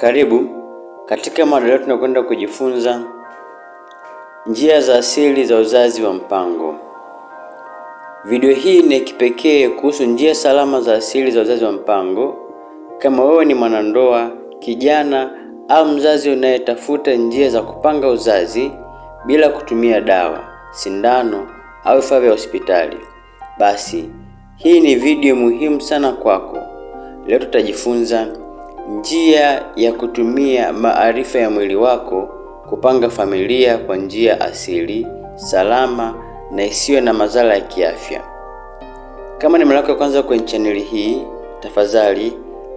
Karibu katika mada leo, tunakwenda kujifunza njia za asili za uzazi wa mpango. Video hii ni kipekee kuhusu njia salama za asili za uzazi wa mpango. Kama wewe ni mwanandoa, kijana au mzazi unayetafuta njia za kupanga uzazi bila kutumia dawa, sindano au vifaa vya hospitali, basi hii ni video muhimu sana kwako. Leo tutajifunza Njia ya kutumia maarifa ya mwili wako kupanga familia kwa njia asili, salama na isiyo na madhara ya kiafya. Kama ni mara yako ya kwanza kwenye chaneli hii, tafadhali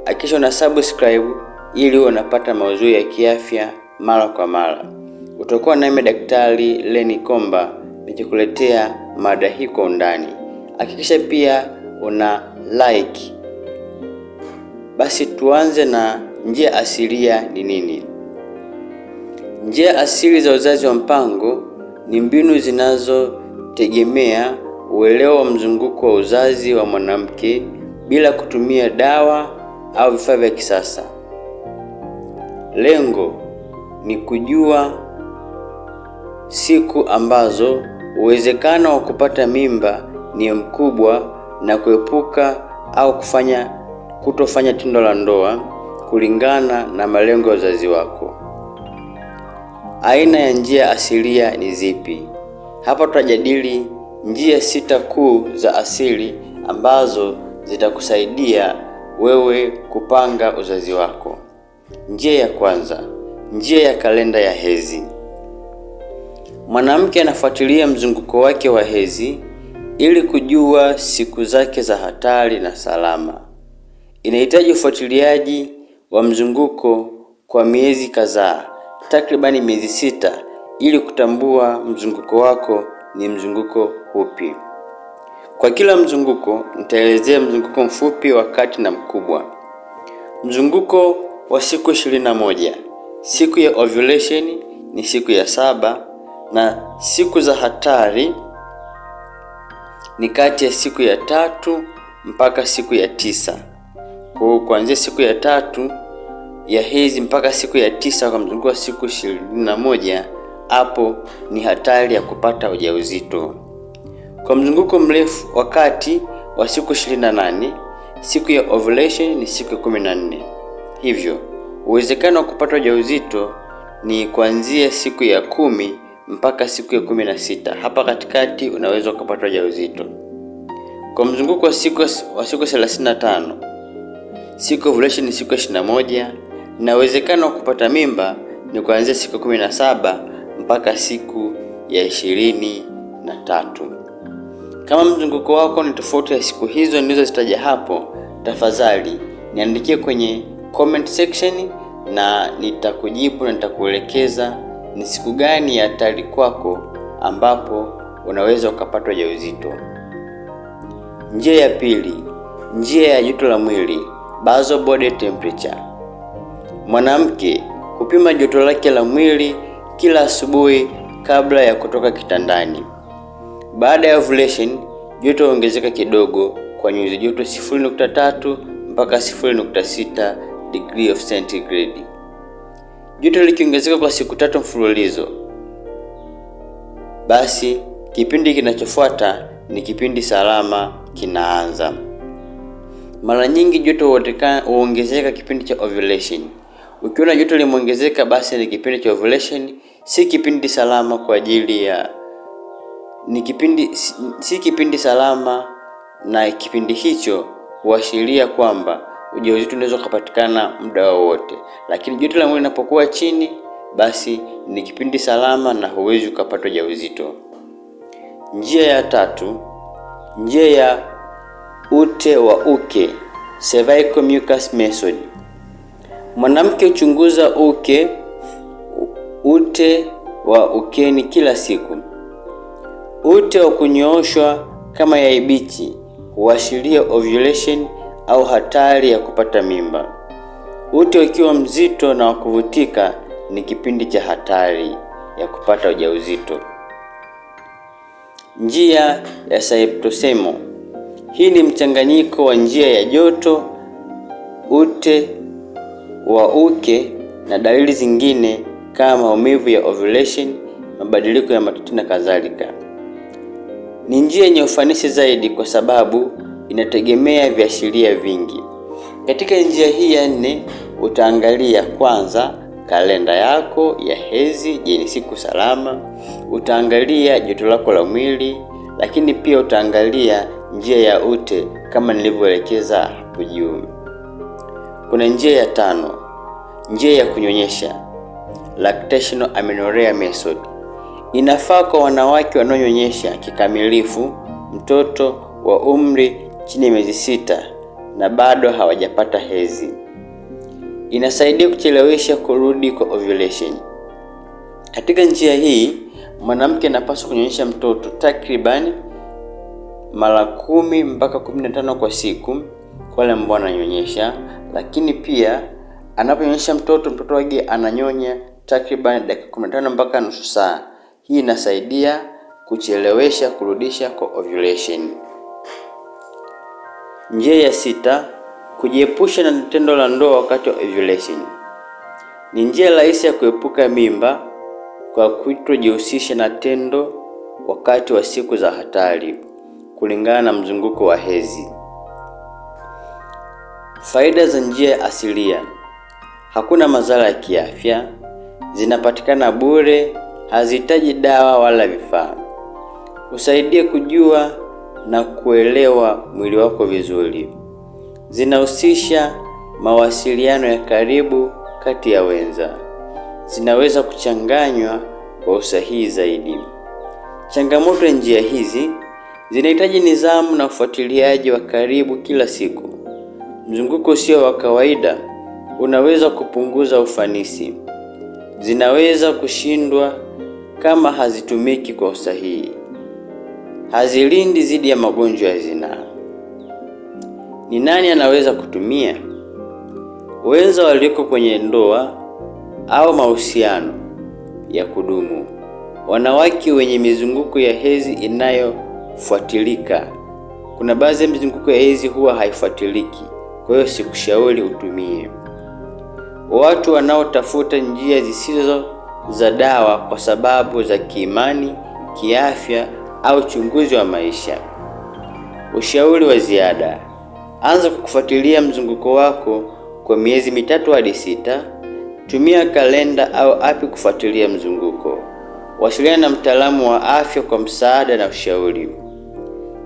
hakikisha una subscribe ili uwe unapata mauzuri ya kiafya mara kwa mara. Utakuwa nami Daktari Leni Komba nikikuletea mada hii kwa undani. Hakikisha pia una like basi tuanze na njia asilia ni nini? Njia asili za uzazi wa mpango ni mbinu zinazotegemea uelewa wa mzunguko wa uzazi wa mwanamke bila kutumia dawa au vifaa vya kisasa. Lengo ni kujua siku ambazo uwezekano wa kupata mimba ni mkubwa na kuepuka au kufanya kutofanya tendo la ndoa kulingana na malengo ya uzazi wako. Aina ya njia asilia ni zipi? Hapa tutajadili njia sita kuu za asili ambazo zitakusaidia wewe kupanga uzazi wako. Njia ya kwanza, njia ya kalenda ya hezi Mwanamke anafuatilia mzunguko wake wa hezi ili kujua siku zake za hatari na salama inahitaji ufuatiliaji wa mzunguko kwa miezi kadhaa, takribani miezi sita, ili kutambua mzunguko wako ni mzunguko upi. Kwa kila mzunguko nitaelezea mzunguko mfupi, wa kati na mkubwa. Mzunguko wa siku ishirini na moja, siku ya ovulation ni siku ya saba, na siku za hatari ni kati ya siku ya tatu mpaka siku ya tisa. Kwa hiyo kuanzia siku ya tatu ya hedhi mpaka siku ya tisa kwa wa siku ishirini na moja hapo ni hatari ya kupata ujauzito. Kwa mzunguko mrefu wa kati wa siku 28, siku ya ovulation ni siku 14. Hivyo uwezekano wa kupata ujauzito ni kuanzia siku ya kumi mpaka siku ya kumi na sita. Hapa katikati unaweza ukapata ujauzito. Kwa mzunguko wa siku siku siku ovulation ni siku ya 21 na uwezekano wa kupata mimba ni kuanzia siku kumi na saba mpaka siku ya ishirini na tatu. Kama mzunguko wako ni tofauti ya siku hizo nilizozitaja hapo, tafadhali niandikie kwenye comment section na nitakujibu na nitakuelekeza ni siku gani ya hatari kwako ambapo unaweza ukapatwa ujauzito. Njia ya pili, njia ya joto la mwili basal body temperature. Mwanamke kupima joto lake la mwili kila asubuhi kabla ya kutoka kitandani. Baada ya ovulation, joto huongezeka kidogo kwa nyuzi joto 0.3 mpaka 0.6 degree of centigrade. Joto likiongezeka kwa siku tatu mfululizo, basi kipindi kinachofuata ni kipindi salama kinaanza. Mara nyingi joto huongezeka kipindi cha ovulation. Ukiona joto limeongezeka, basi ni kipindi cha ovulation, si kipindi salama kwa ajili ya ni kipindi si, si kipindi salama, na kipindi hicho huashiria kwamba ujauzito unaweza kupatikana muda wowote, lakini joto la mwili linapokuwa chini, basi ni kipindi salama na huwezi ukapata ujauzito. Njia ya tatu, njia ya ute wa uke cervical mucus method. Mwanamke chunguza uke ute wa ukeni kila siku. Ute wa kunyooshwa kama yai bichi huashiria ovulation au hatari ya kupata mimba. Ute ukiwa mzito na wa kuvutika ni kipindi cha hatari ya kupata ujauzito. Njia ya septicemia hii ni mchanganyiko wa njia ya joto, ute wa uke na dalili zingine kama maumivu ya ovulation, mabadiliko ya matiti na kadhalika. Ni njia yenye ufanisi zaidi kwa sababu inategemea viashiria vingi. Katika njia hii ya nne utaangalia kwanza kalenda yako ya hedhi. Je, ni siku salama? Utaangalia joto lako la mwili, lakini pia utaangalia njia ya ute kama nilivyoelekeza hapo juu. Kuna njia ya tano, njia ya kunyonyesha lactational amenorrhea method. Inafaa kwa wanawake wanaonyonyesha kikamilifu mtoto wa umri chini ya miezi sita na bado hawajapata hezi Inasaidia kuchelewesha kurudi kwa ovulation. Katika njia hii mwanamke anapaswa kunyonyesha mtoto takribani mara kumi mpaka kumi na tano kwa siku kwa wale ambao ananyonyesha, lakini pia anaponyonyesha mtoto mtoto wake ananyonya takriban dakika kumi na tano mpaka nusu saa. Hii inasaidia kuchelewesha kurudisha kwa ovulation. Njia ya sita, kujiepusha na tendo la ndoa wakati wa ovulation. Ni njia rahisi ya kuepuka mimba kwa kutojihusisha na tendo wakati wa siku za hatari kulingana na mzunguko wa hedhi. Faida za njia asilia: hakuna madhara ya kiafya, zinapatikana bure, hazihitaji dawa wala vifaa, usaidie kujua na kuelewa mwili wako vizuri. Zinahusisha mawasiliano ya karibu kati ya wenza, zinaweza kuchanganywa kwa usahihi zaidi. Changamoto ya njia hizi zinahitaji nidhamu na ufuatiliaji wa karibu kila siku. Mzunguko usio wa kawaida unaweza kupunguza ufanisi. Zinaweza kushindwa kama hazitumiki kwa usahihi. Hazilindi dhidi ya magonjwa ya zinaa. Ni nani anaweza kutumia? Wenza walioko kwenye ndoa au mahusiano ya kudumu, wanawake wenye mizunguko ya hedhi inayo fuatilika. Kuna baadhi ya mizunguko ya hedhi huwa haifuatiliki, kwa hiyo sikushauri utumie. Watu wanaotafuta njia zisizo za dawa kwa sababu za kiimani, kiafya au uchunguzi wa maisha. Ushauri wa ziada: anza kwa kufuatilia mzunguko wako kwa miezi mitatu hadi sita. Tumia kalenda au api kufuatilia mzunguko. Wasiliana na mtaalamu wa afya kwa msaada na ushauri.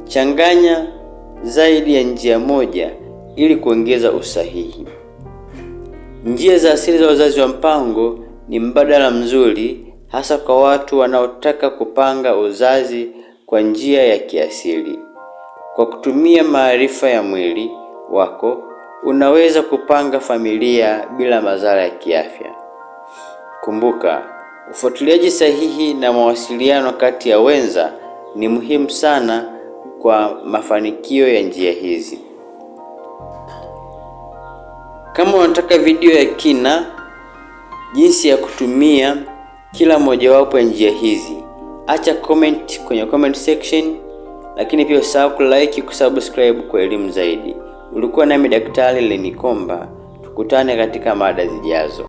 Changanya zaidi ya njia moja ili kuongeza usahihi. Njia za asili za uzazi wa mpango ni mbadala mzuri, hasa kwa watu wanaotaka kupanga uzazi kwa njia ya kiasili. Kwa kutumia maarifa ya mwili wako, unaweza kupanga familia bila madhara ya kiafya. Kumbuka, ufuatiliaji sahihi na mawasiliano kati ya wenza ni muhimu sana kwa mafanikio ya njia hizi. Kama unataka video ya kina jinsi ya kutumia kila mojawapo ya njia hizi, acha comment kwenye comment section, lakini pia usahau kulike, kusubscribe kwa elimu zaidi. Ulikuwa nami Daktari Lenikomba, tukutane katika mada zijazo.